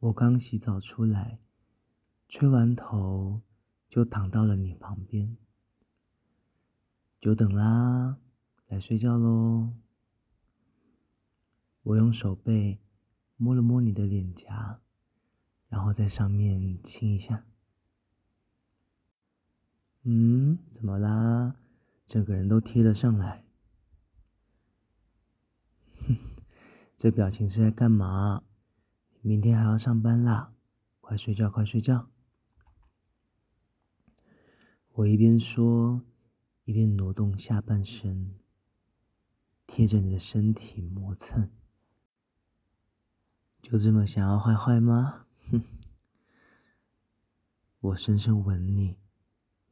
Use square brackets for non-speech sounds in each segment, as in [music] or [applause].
我剛洗澡出來，吹完頭就躺到了你旁邊。久等啦，來睡覺嘍。我用手背摸了摸你的臉頰，然後在上面親一下。嗯，怎麼啦？整個人都貼了上來。哼，這表情是在幹嘛？明天還要上班啦，快睡覺，快睡覺。我一邊說，一邊挪動下半身，貼着你的身體磨蹭。就這麼想要壞壞嗎？哼！ [laughs] 我深深吻你，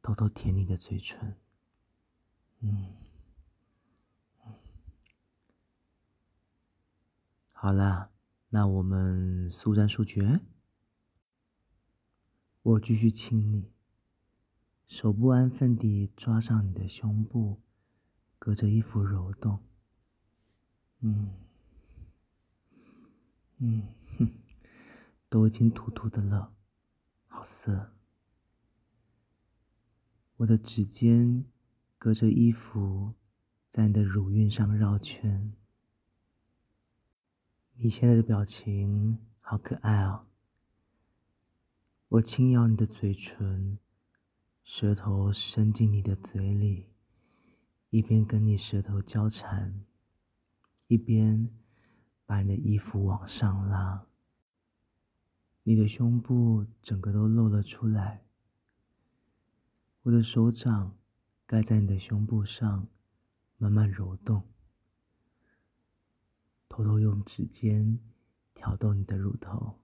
偷偷舔你的嘴唇。嗯，嗯，好啦。那我們速戰速決，我繼續親你，手不安分地抓上你的胸部，隔着衣服揉動，嗯，嗯，哼，都已經突突的了，好色。我的指尖隔着衣服，在你的乳暈上繞圈。你現在的表情好可愛哦！我輕咬你的嘴唇，舌頭伸進你的嘴裡，一邊跟你舌頭交纏，一邊把你的衣服往上拉。你的胸部整個都露了出來，我的手掌蓋在你的胸部上，慢慢揉動。偷偷用指尖挑逗你的乳頭，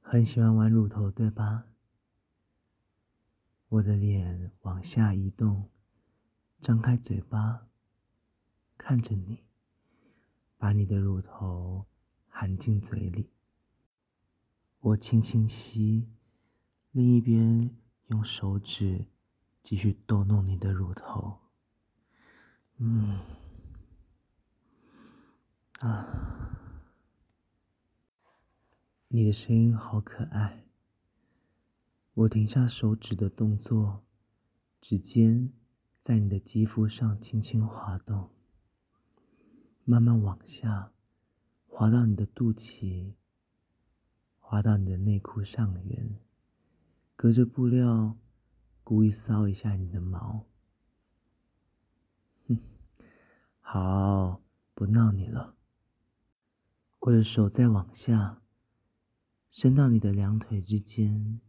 很喜歡玩乳頭，對吧？我的臉往下移動，張開嘴巴，看着你，把你的乳頭含進嘴裡。我輕輕吸，另一邊用手指繼續逗弄你的乳頭。嗯。啊，你的聲音好可愛。我停下手指的動作，指尖在你的肌膚上輕輕滑動，慢慢往下，滑到你的肚臍，滑到你的內褲上緣，隔着布料故意騷一下你的毛。哼，好，不鬧你了。或者手再往下，伸到你的兩腿之間，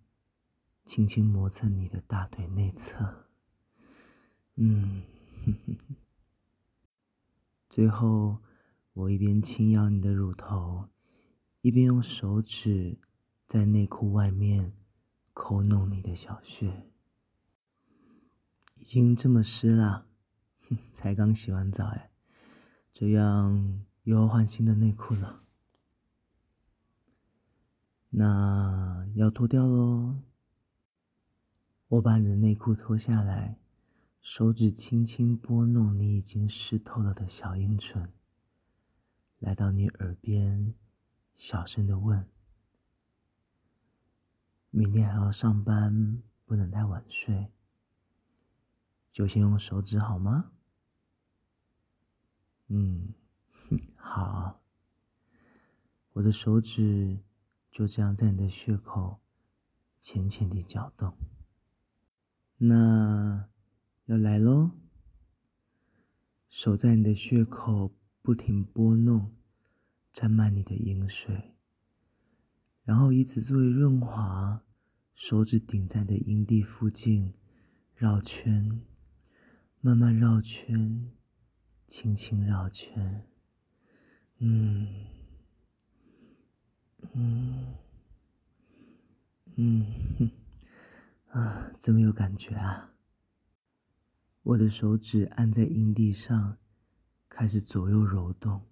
輕輕磨蹭你的大腿內側，嗯，哼哼，最後我一邊輕咬你的乳頭，一邊用手指在內褲外面摳弄你的小穴，已經這麼濕了，哼，才剛洗完澡哎，這樣又要換新的內褲了。那要脫掉嘍，我把你的內褲脫下來，手指輕輕撥弄你已經濕透了的小陰唇，來到你耳邊，小聲的問：“明天還要上班，不能太晚睡，就先用手指好嗎？”嗯，好，我的手指。就這樣在你的穴口淺淺地攪動，那要來嘍。手在你的穴口不停撥弄，沾滿你的淫水，然後以此作為潤滑，手指頂在你的陰蒂附近繞圈，慢慢繞圈，輕輕繞圈，嗯。嗯，嗯，啊，這麼有感覺啊？我的手指按在陰蒂上，開始左右揉動，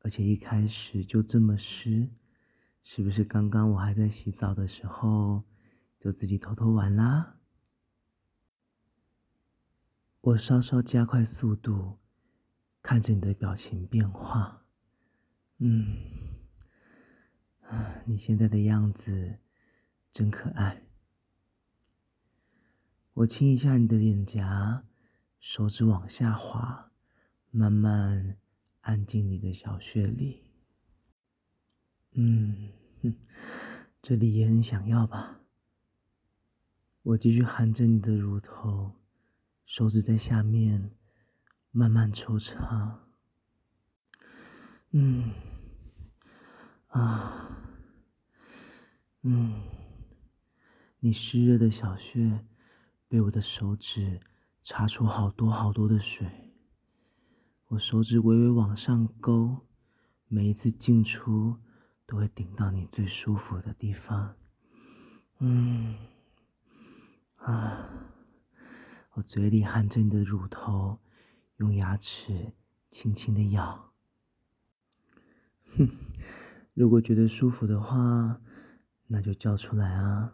而且一開始就這麼濕，是不是剛剛我還在洗澡的時候就自己偷偷玩啦？我稍稍加快速度，看着你的表情變化。嗯，啊，你現在的樣子真可愛。我親一下你的臉頰，手指往下滑，慢慢按進你的小穴裡。嗯，這裡也很想要吧？我繼續含着你的乳頭，手指在下面慢慢抽插。嗯。啊，嗯，你濕熱的小穴，被我的手指插出好多好多的水。我手指微微往上勾，每一次進出都會頂到你最舒服的地方。嗯，啊，我嘴裡含着你的乳頭，用牙齒輕輕的咬，哼。如果覺得舒服的話，那就叫出來啊！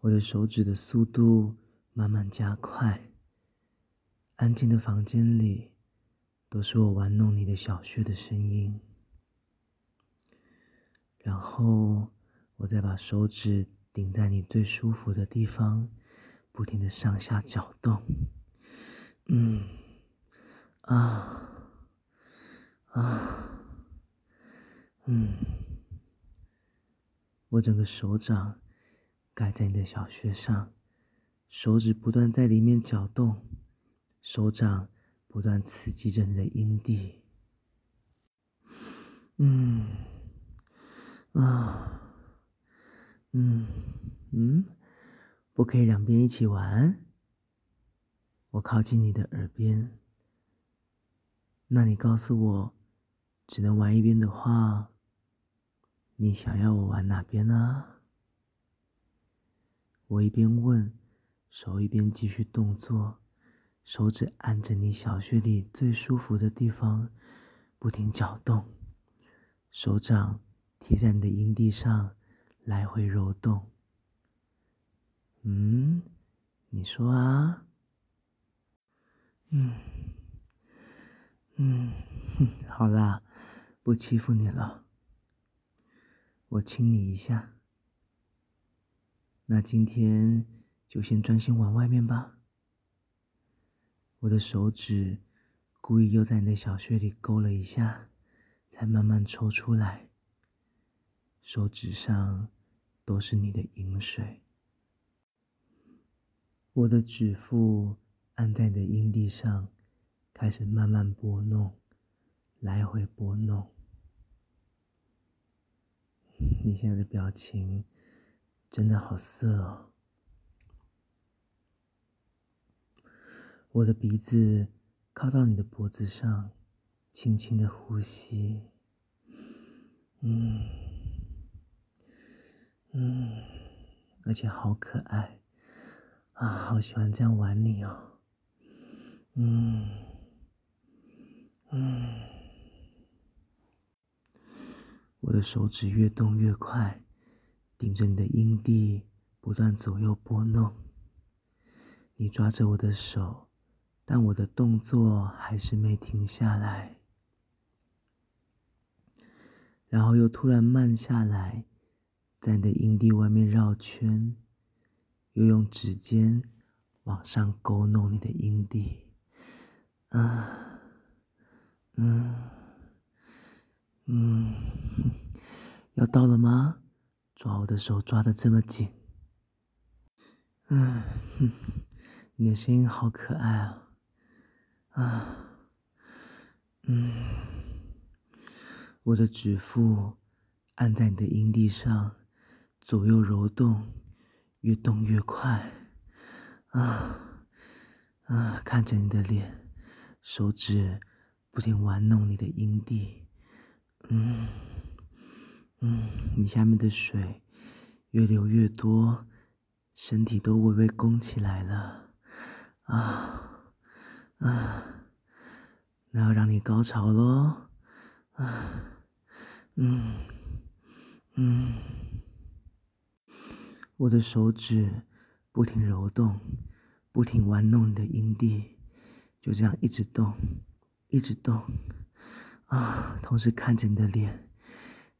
我的手指的速度慢慢加快，安靜的房間裡，都是我玩弄你的小穴的聲音。然後，我再把手指頂在你最舒服的地方，不停地上下攪動。嗯，啊，啊。嗯，我整個手掌蓋在你的小穴上，手指不斷在裡面攪動，手掌不斷刺激着你的陰蒂。嗯，啊，嗯嗯，不可以兩邊一起玩。我靠近你的耳邊，那你告訴我，只能玩一邊的話，你想要我玩哪邊呢？我一邊問，手一邊繼續動作，手指按着你小穴裡最舒服的地方，不停攪動，手掌貼在你的陰蒂上，來回揉動。嗯，你說啊？嗯嗯呵呵，好啦，不欺負你了。我親你一下，那今天就先專心玩外面吧。我的手指故意又在你的小穴裡勾了一下，才慢慢抽出來。手指上都是你的淫水。我的指腹按在你的陰蒂上，開始慢慢撥弄，來回撥弄。你現在的表情真的好色哦。我的鼻子靠到你的脖子上，輕輕的呼吸。嗯嗯，而且好可愛啊，好喜歡這樣玩你哦。嗯嗯。我的手指越動越快，頂着你的陰蒂不斷左右撥弄。你抓着我的手，但我的動作還是沒停下來，然後又突然慢下來，在你的陰蒂外面繞圈，又用指尖往上勾弄你的陰蒂。啊，嗯，嗯。 [laughs] 要到了嗎？抓我的手抓得這麼緊。嗯，哼，你的聲音好可愛啊！啊，嗯，我的指腹按在你的陰蒂上，左右揉動，越動越快。啊啊，看着你的臉，手指不停玩弄你的陰蒂，嗯。嗯，你下面的水越流越多，身體都微微拱起來了，啊，啊，那要讓你高潮嘍，啊，嗯，嗯，我的手指不停揉動，不停玩弄你的陰蒂，就這樣一直動，一直動，啊，同時看着你的臉。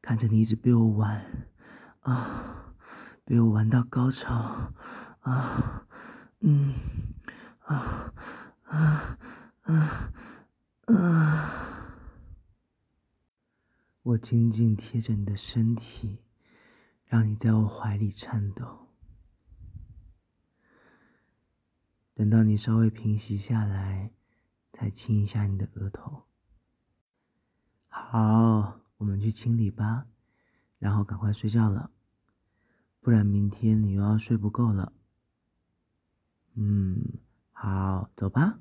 看着你一直被我玩，啊，被我玩到高潮，啊，嗯，啊，啊，啊，啊，我緊緊貼着你的身體，讓你在我懷裡顫抖。等到你稍微平息下來，再親一下你的額頭。好。我們去清理吧，然後趕快睡覺了，不然明天你又要睡不夠了。嗯，好，走吧。